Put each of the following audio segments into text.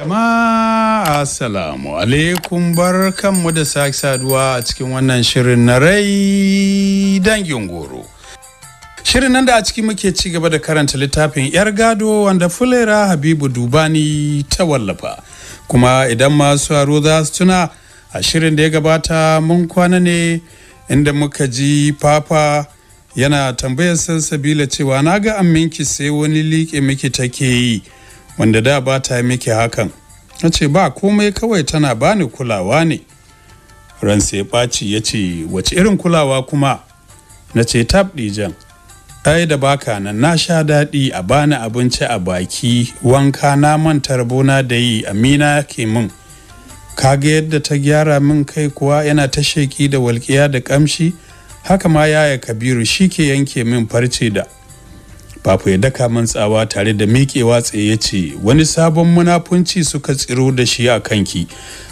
Jama'a Assalamu alaikum barkanmu mu da sake saduwa a cikin wannan shirin na rai dangin goro. Shirin nan da a ciki muke ci gaba da karanta littafin 'yar gado wanda fulera Habibu Dubani ta wallafa. Kuma idan masu haro za su tuna a shirin da ya gabata mun kwana ne inda muka ji papa yana tambayar sansabila cewa na ga amminki sai wani liƙe miki take yi. wanda da ba ta yi miki hakan na ce ba komai kawai tana bani kulawa ne ran ya ɓaci ya ce wace irin kulawa kuma na ce tab ɗijan ai da baka nan na sha daɗi a bani abinci a baki wanka na manta rabona da yi amina ke min kaga yadda ta gyara min kai kuwa yana ta sheki da walƙiya da ƙamshi haka ma yaya kabiru shi ke yanke min farce da Papu ya daka man tsawa tare da miƙewa tsaye ya ce wani sabon munafunci suka tsiro da shi a kanki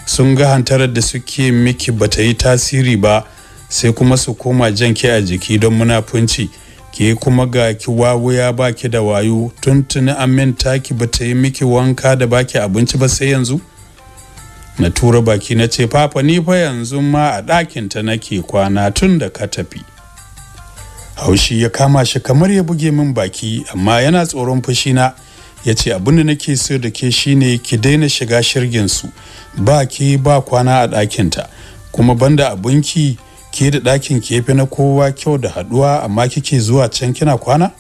sun ga hantarar da suke miki bata yi tasiri ba sai kuma su koma janki a jiki don munafunci ke kuma ga ki wawuya ba ki da wayo tuntuni aminta ki bata yi miki wanka da baki abinci ba sai yanzu na tura baki na ce papa ni fa yanzu ma a ɗakinta nake kwana tun da ka tafi haushi ya kama shi kamar ya buge min baki amma yana tsoron fushina ya ce abin da nake so da ke shine ki daina shiga shirgin su ba ki ba kwana a ɗakinta kuma banda abinki ke da ɗakin kefe na kowa kyau da haɗuwa amma kike zuwa can kina kwana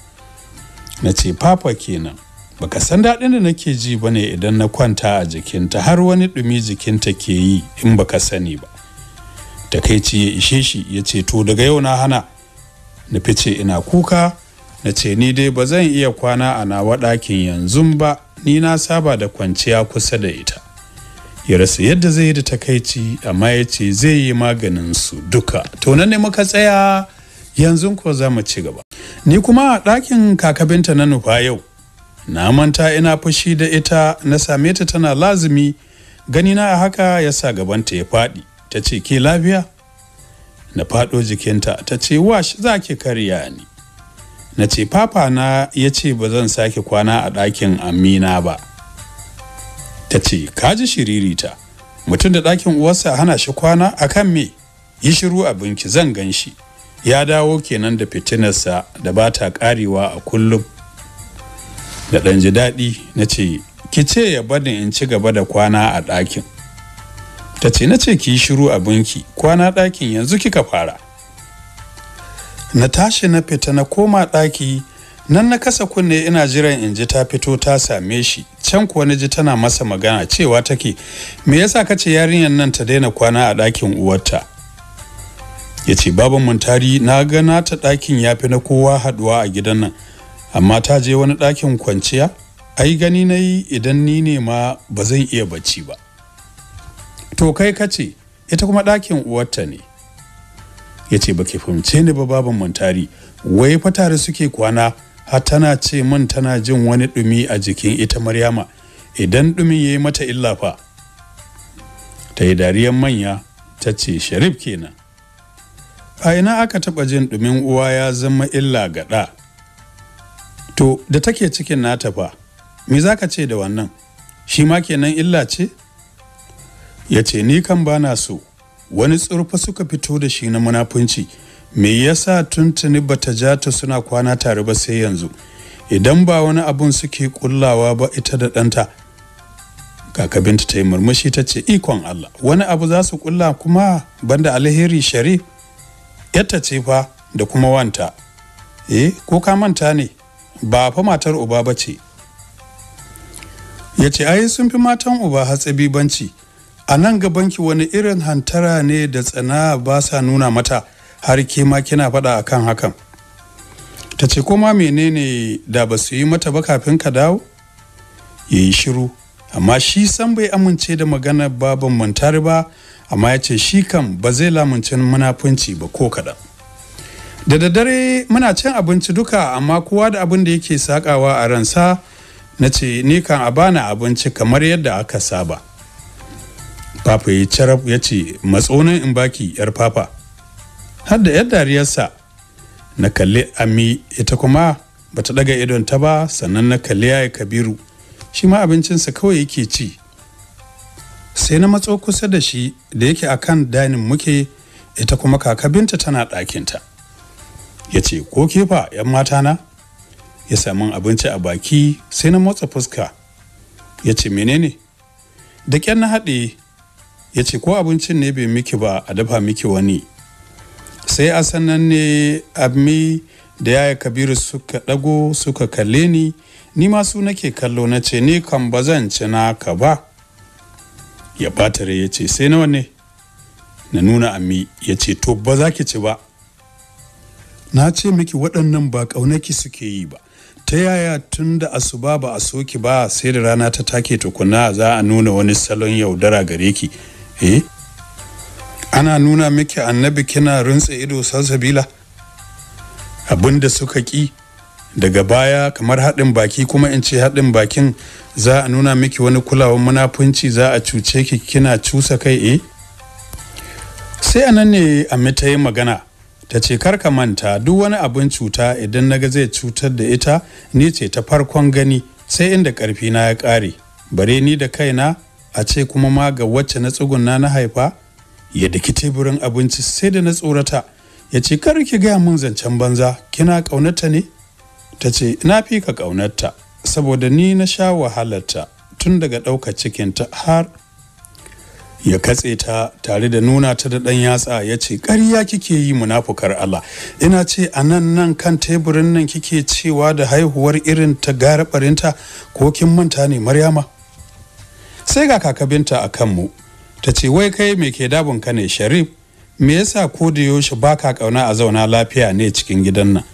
na ce papa kenan baka san daɗin da nake ji ba ne idan na kwanta a jikinta har wani ɗumi jikinta ke yi in baka sani ba takaici ya ishe shi ya ce to daga yau na hana na fice ina kuka na ce ni dai ba zan iya kwana a nawa ɗakin yanzu ba ni na saba da kwanciya kusa da ita ya rasa yadda zai yi da takaici amma ya ce zai yi maganin su duka to nan ne muka tsaya yanzu ko za mu ci gaba ni kuma a ɗakin kakabinta na nufa yau na manta ina fushi da ita na same ta tana lazumi ganina a haka ya sa gabanta ya faɗi ta ce ke lafiya na faɗo jikinta ta ce wash za ki karya ni na ce papa na ya ce ba zan sake kwana a ɗakin amina ba ta ce kaji shiririta mutum da ɗakin uwarsa hana shi kwana a kan me yi shiru abinki zan gan shi ya dawo kenan da fitinarsa da ba ta karewa a kullum da ɗan ji daɗi na ce ki ce ya bada in ci gaba da kwana a ɗakin ta ce na ce ki yi shiru abinki kwana ɗakin yanzu kika fara na tashi na fita na koma ɗaki nan na kasa kunne ina jiran in ji ta fito ta same shi can kuwa na ji tana masa magana cewa take me yasa ka ce yarinyar nan ta daina kwana a ɗakin uwarta ya ce baban muntari na ga nata ɗakin ya fi na kowa haɗuwa a gidan nan amma ta je wani ɗakin kwanciya ai gani na yi idan ni ne ma ba zan iya bacci ba to kai ka ce ita kuma ɗakin uwarta ne ya ce baki fahimce ni ba baban mantari wai fa tare suke kwana har tana ce min tana jin wani ɗumi a jikin ita maryama idan ɗumin ya yi mata illa fa ta yi dariyar manya ta ce sharif kenan a ina aka taɓa jin ɗumin uwa ya zama illa ga ɗa to da take cikin nata fa me za ka ce da wannan shi ma kenan illa ce ya ce ni kan bana so wani tsurfa suka fito da shi na munafunci me yasa tuntuni bata ja ta suna kwana tare ba sai yanzu idan ba wani abun suke kullawa ba ita da ɗanta kaka binta ta yi murmushi ta ce ikon Allah wani abu za su kulla kuma banda alheri shari yata ce fa da kuma wanta eh ko ka manta ne ba fa matar uba bace. ce ya ce ai sun fi matan uba hatsabi banci a nan gabanki wani irin hantara ne da tsana ba sa nuna mata har ke ma kina faɗa akan hakan ta ce "Kuma menene da ba su yi mata ba kafin ka dawo ya yi shiru amma shi san bai amince da maganar baban mantari ba amma ya ce shi kam ba zai lamunci munafunci ba ko kaɗan da daddare muna cin abinci duka amma kowa da abin da yake sakawa a ransa na ce ni kan a bana abinci kamar yadda aka saba Papa ya carab ya ce matsonin in baki yar papa. Har da yar dariyarsa na kalli ami ita kuma bata daga idon ta ba sannan na kalli yaya kabiru shi ma abincinsa kawai yake ci. Sai na matso kusa da shi da yake akan danin muke ita kuma Binta tana ɗakinta. Ya ce ko kefa 'yan mata na? ya sami abinci a baki sai na motsa fuska ya ce menene da ƙyan na haɗe ya ce ko abincin ne bai miki ba a dafa miki wani sai a sannan ne abmi da yaya kabiru suka ɗago suka kalle ni ni masu nake kallo na ce ni kan ba zan ci naka ba ya batare ya ce sai nawa ne na nuna ammi ya ce to ba za ki ci ba na ce miki waɗannan ba ƙaunaki suke yi ba ta yaya tun da asuba ba a soki ba sai da rana ta take tukuna za a nuna wani salon yaudara gare ki eh ana nuna miki annabi kina runtse ido salsabila abinda suka ki daga baya kamar haɗin baki kuma in ce haɗin bakin za a nuna miki wani kulawan munafunci za a cuce ki kina cusa kai eh sai anan ne a ta yi magana ta ce karka manta duk wani abin cuta idan naga zai cutar da ita ni ce ta farkon gani sai inda karfi na ya ƙare bare ni da kaina a ce kuma ma ga wacce na tsuguna na haifa ya daki teburin abinci sai da na tsorata ya ce kar ki gaya mun zancen banza kina ƙaunarta ne ta ce na fi ka ƙaunarta saboda ni na sha wahalarta tun daga ɗaukar cikinta har ya katse ta tare da nuna ta da ɗan yatsa ya ce ƙarya kike yi munafukar Allah ina ce a nan nan kan teburin nan kike cewa da haihuwar irin ta garabarinta ko kin manta ne Maryama sai ga kakabinta a kanmu ta ce wai kai mai ke dabun ka ne sharif me yasa ko da yaushe ba ka kauna a zauna lafiya ne cikin gidan nan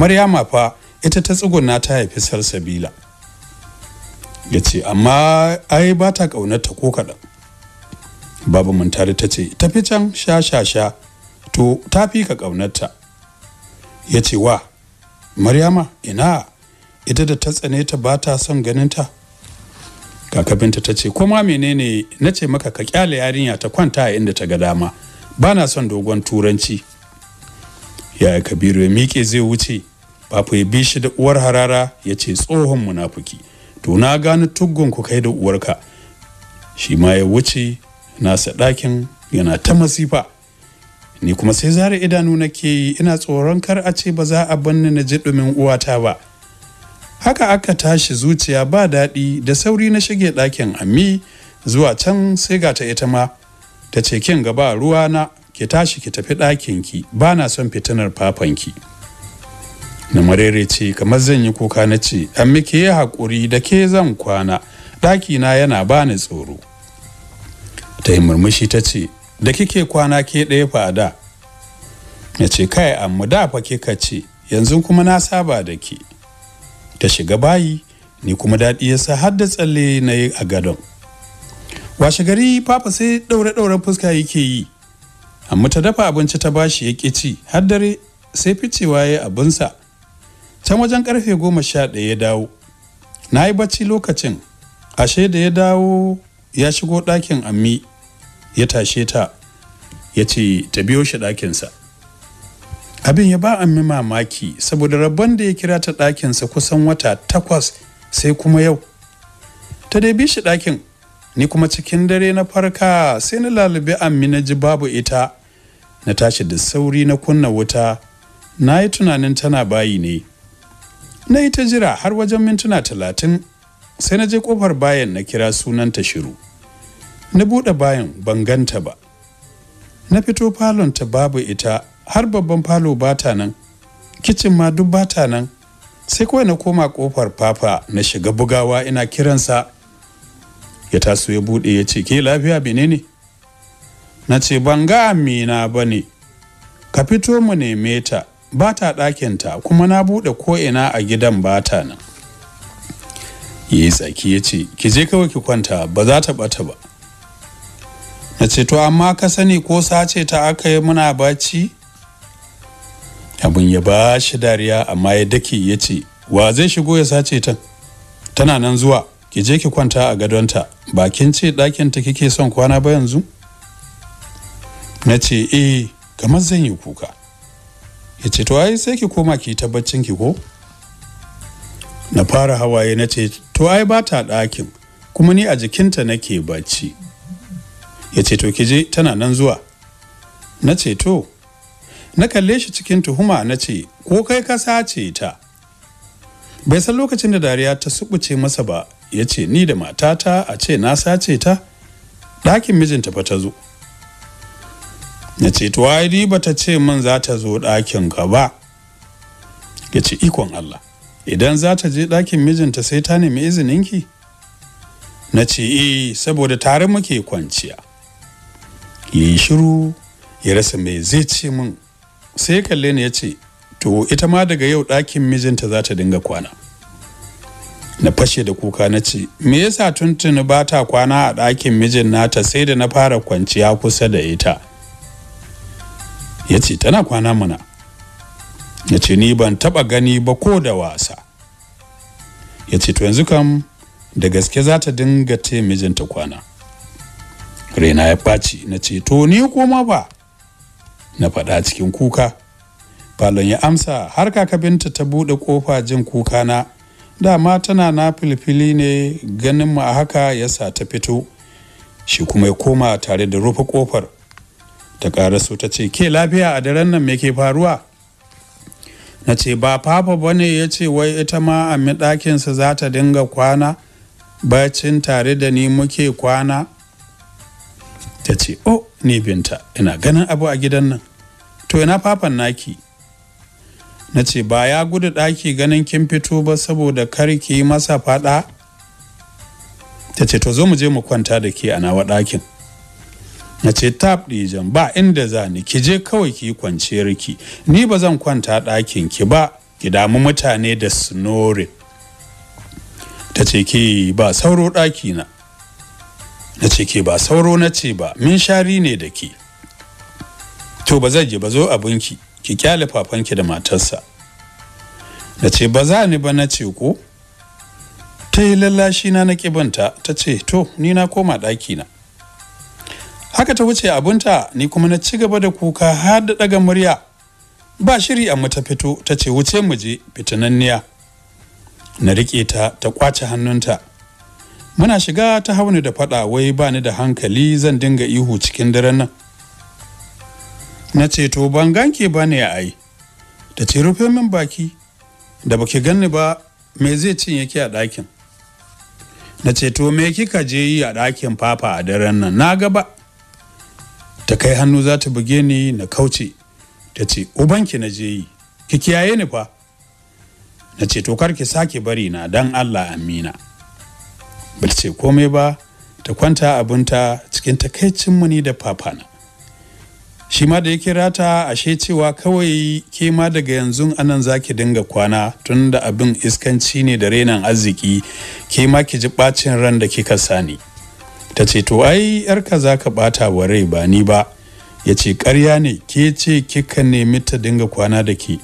maryama fa ita ta tsuguna ta haifi salsabila ya ce amma ai ba ta ƙaunarta ko kaɗan babu muntari ta ce tafi can sha sha sha to ta fi ka ƙaunarta ya ce wa maryama ina ita da ta tsane ta ba ta son ganinta kaka ta ce kuma menene na ce maka ka kyale yarinya ta kwanta a inda ta ga dama ba na son dogon turanci yaya kabiru ya miƙe zai wuce bafu ya bi shi da uwar harara ya ce tsohon munafuki to na gano tuggun ku kai da uwarka shi ma ya wuce nasa ɗakin yana ta masifa ni kuma sai zara idanu nake yi ina tsoron kar a ce ba za a banni na ji ɗumin uwata ba haka aka tashi zuciya ba daɗi da sauri na shige ɗakin ammi zuwa can sai ga ta ita ma ta ce kin gaba ruwa na ki tashi ki tafi ɗakin ki ba na son fitinar ki na marere ce kamar zan yi kuka na ce ammi ke yi haƙuri da ke zan kwana ɗaki na yana ba ni tsoro ta yi murmushi ta ce da kike kwana ke ɗaya fa da ya ce kai amma da fa kika ce yanzu kuma na saba da ke ta shiga bayi ni kuma daɗi ya sa har da tsalle na yi a gadon washe gari papa sai ɗaure-ɗauren fuska yake yi amma ta dafa abinci ta bashi ya ci har dare sai ficewa ya abinsa can wajen karfe goma sha ɗaya ya dawo na yi bacci lokacin ashe da ya dawo ya shigo ɗakin ammi ya tashe ta ya ce ta biyo shi ɗakinsa abin ya ba mi mamaki saboda rabon da ya kira ta ɗakinsa kusan wata takwas sai kuma yau ta dai bi shi ɗakin ni kuma cikin dare na farka sai na lalube ammi na ji babu ita na tashi da sauri na kunna wuta na yi tunanin tana bayi ne na yi ta jira har wajen mintuna talatin sai na je kofar bayan na kira sunan ta shiru na buɗe bayan ban ganta ba na fito falon ta babu ita har babban falo bata nan kicin ma duk bata nan sai kawai na koma kofar fafa na shiga bugawa ina kiransa ya taso ya bude ya ce ke lafiya ne. na ce ban ga amina ba ne ka fito mu neme ta ba ta ɗakinta kuma na buɗe ina a gidan ba ta nan ya yi tsaki ya ce ki je kawai ki kwanta ba za ta ɓata ba na ce to amma ka sani ko sace ta aka yi muna bacci abin ya ba shi dariya amma ya dake ya ce wa zai shigo ya sace ta tana nan zuwa ki je ki kwanta a gadonta ba kin ce ɗakin ta kike son kwana ba yanzu na ce eh kamar zan yi kuka ya ce to ai sai ki koma ki tabbacin ki ko na fara hawaye na ce to ai ba ta ɗakin kuma ni a jikinta nake bacci ya ce to ki je tana nan zuwa na ce to na kalle shi cikin tuhuma na ce ko kai ka sace ta bai san lokacin da dariya ta subuce masa ba ya ce ni da matata a ce na sace ta ɗakin mijinta fa ta zo ya ce to ai ba ta ce min za ta zo ɗakin ka ba ya ce ikon Allah idan za ta je ɗakin mijinta sai ta nemi izininki na ce e saboda tare muke kwanciya ya yi shiru ya rasa mai zai ce min sai kalle ni ya ce to ita ma daga yau ɗakin mijinta za ta dinga kwana na fashe da kuka na ce me yasa tuntuni ba ta kwana a ɗakin mijin nata sai da na fara kwanciya kusa da ita ya ce tana kwana mana ya ce ni ban taɓa gani ba ko da wasa ya ce to yanzu kam da gaske za ta dinga te mijinta kwana raina ya ɓaci na ce to ni kuma ba na faɗa cikin kuka falon ya amsa har kaka binta ta buɗe kofa jin kuka na dama tana na filfili ne ganin mu a haka ya sa ta fito shi kuma ya koma tare da rufe kofar? ta so ta ce ke lafiya a daren nan me ke faruwa na ce ba papa bane ya ce wai ita ma a miɗakinsa za ta dinga kwana bacin tare da ni muke kwana ta ce oh ni binta ina ganin abu a gidan nan to ina fafan naki na ce ba ya gudu ɗaki ganin kin fito ba saboda kar ki masa fada? ta ce to zo mu je mu kwanta da ke a nawa ɗakin na ce tap ɗijan ba inda za ni ki je kawai ki yi riki ni ba zan kwanta ɗakin ki ba ki damu mutane da snoring ta ce ki ba sauro ɗaki na na ce ke ba sauro na ce ba min shari ne da ke to ba zai je ba zo abinki ki kyale fafanki da matarsa na ce ba za ni ba na ce ko ta yi lallashi na na kibanta ta ce to ni na koma na haka ta wuce abinta ni kuma na ci gaba da kuka har da ɗaga murya ba shiri a mata fito ta ce wuce mu je fitinanniya. na riƙe ta ta kwace hannunta muna shiga ta hauni da faɗa wai ba ni da hankali zan dinga ihu cikin daren nan na ce to ban ganke ba ne ai ta ce rufe min baki da baki ganni ba me zai cin yake a ɗakin na ce to me kika je yi a ɗakin fafa a daren nan na gaba ta kai hannu za ta buge ni na kauce ta ce ubanki na je yi ki kiyaye ni fa na ce to kar ki sake bari na dan allah amina ba ce komai ba ta kwanta abinta cikin takaicin muni da fafana shi ma da ya kira ta ashe cewa kawai ke ma daga yanzu anan za ki dinga kwana tun da abin iskanci ne da renan arziki ke ma ki ji bacin ran da kika sani ta ce to ai yarka za ka bata wa rai ba ni ba ya ce karya ne ke ce kika nemi ta dinga kwana da ki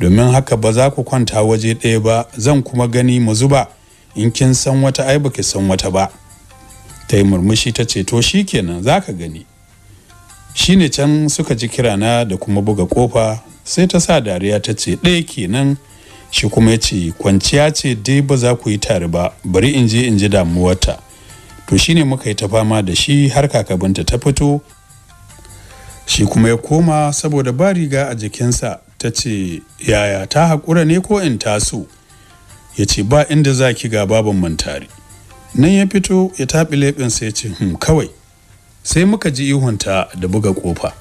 domin haka ba za ku kwanta waje ɗaya ba zan kuma gani mu zuba in kin san wata ai baki san wata ba ta yi murmushi ta ce to shikenan za ka gani shine can suka ji kira na da kuma buga kofa sai ta sa dariya ta ce ɗaya kenan shi kuma ya ce kwanciya ce dai ba za ku yi tare ba bari in je in ji damuwarta to shine muka yi ta fama da shi har kakabinta ta fito shi kuma ya koma saboda ba riga a jikinsa ta ce yaya ta haƙura ne ko in taso ya ce ba inda za ki ga baban mantari nan ya fito ya taɓi leɓinsa ya ce hmm kawai sai muka ji ihunta da buga ƙofa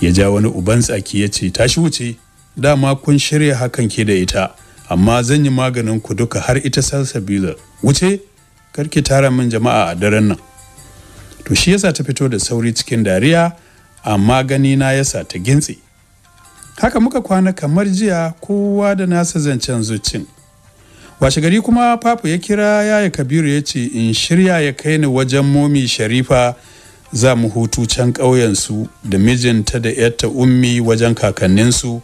ya ja wani uban tsaki ya ce tashi wuce dama kun shirya hakan ke da ita amma zan yi maganin ku duka har ita salsabilar wuce karki tara min jama'a a daren nan to shi yasa ta fito da sauri cikin dariya amma gani na yasa ta gintse haka muka kwana kamar jiya kowa da nasa zancen zuccin washe gari kuma papu ya kira yaya kabiru ya ce in shirya ya kai ni wajen momi sharifa za mu hutu can ƙauyensu da mijinta da yarta ummi wajen kakanninsu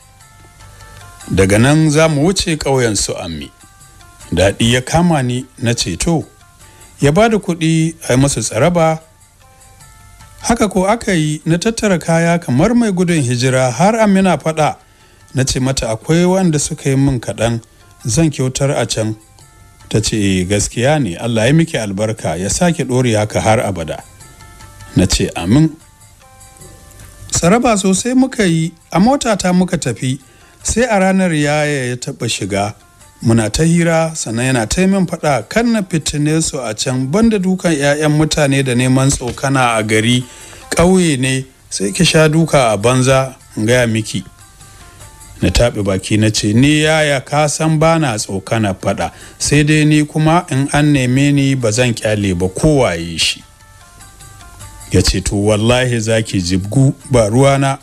daga nan za mu wuce ƙauyensu ammi daɗi ya kama ni na ceto ya ba da kuɗi a yi masa tsaraba haka ko aka yi na tattara kaya kamar mai gudun hijira har amina faɗa na ce mata akwai wanda suka yi min kaɗan zan kyautar a can ta ce eh, gaskiya ne allah ya miki albarka ya sake ɗore haka har abada na ce amin saraba sosai muka yi a mota ta muka tafi sai a ranar yaya ya taɓa shiga muna ta hira sannan yana ta min faɗa kan na fitine su a can banda dukan 'ya'yan mutane da neman tsokana a gari ƙauye ne sai ki sha duka a banza in gaya miki na taɓe baki na ce ni yaya ka san ba na tsokana faɗa sai dai ni kuma in an neme ni ba zan kyale ba waye shi ya ce to wallahi zaki jibgu ba ruwa na.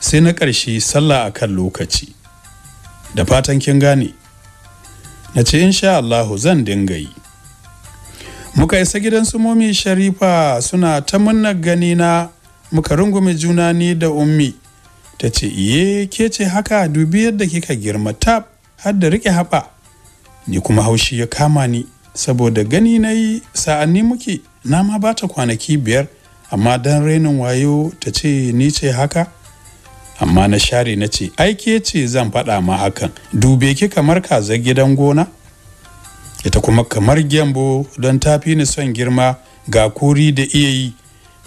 sai na karshe sallah a kan lokaci da fatan kin gane na ce insha Allahu zan dinga yi muka isa gidan su momi sharifa suna ta munna gani na muka rungume juna ni da ummi ta ce iye ke ce haka dubi yadda kika girma tab har da rike haɓa ni kuma haushi ya kama ni saboda gani na yi sa'anni muke na ma ba ta kwanaki biyar amma dan rainin wayo ta ce ni ce haka amma na share na ce "Ai ke ce zan faɗa ma hakan dube ki kamar kaza gidan gona ita kuma kamar gyambo don ta fi ni son girma ga kuri da iya yi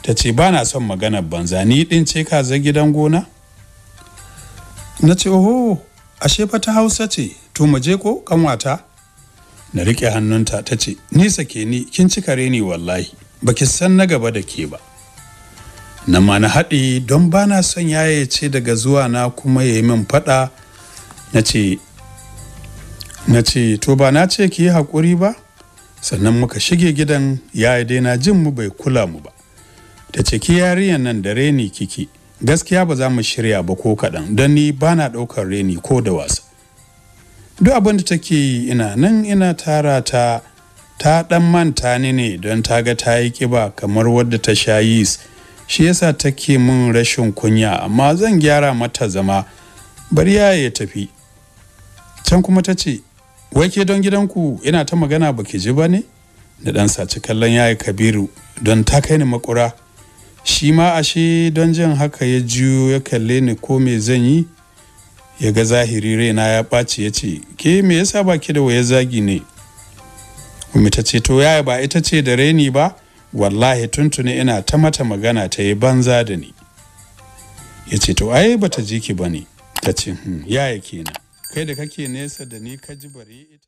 ta ce ba na son magana banza ni ɗin ce kaza gidan gona na ce oho ashe fa ta hausa ce to mu je ko kanwata na riƙe hannunta ta ce nisa ke ni kin ci kare ni wallahi baki san na gaba da ke ba na ma na haɗi don ba na son yaye ce daga zuwa na kuma ya yi min faɗa na ce na ce to ba na ce ki yi haƙuri ba sannan muka shige gidan ya dai na jin mu bai kula mu ba ta ce ki yariyan nan da reni kiki gaskiya ba za mu shirya ba ko kaɗan don ni ba na ɗaukar reni ko da wasa duk abin da take yi ina nan ina tara ta ta ɗan manta ni ne don ta ga ta yi ƙiba kamar wadda ta sha yis shi yasa take min rashin kunya amma zan gyara mata zama bari ya ya tafi can kuma ta ce wai ke don gidanku ina ta magana baki ji ba ne da ɗan saci kallon yayi kabiru don ta kai ni makura shi ma ashe don jin haka ya juyo ya kalle ni ko me zan yi ya ga zahiri raina ya ɓaci ya ce ke me yasa ba ki da waya zagi ne umi ta ce to yaya ba ita ce da raini ba wallahi tuntuni ina ta mata magana ta yi banza da ni ya ce to ai bata ji ki ba ne ta ce hmm, yaya kenan kai da kake nesa da ni ka ji bari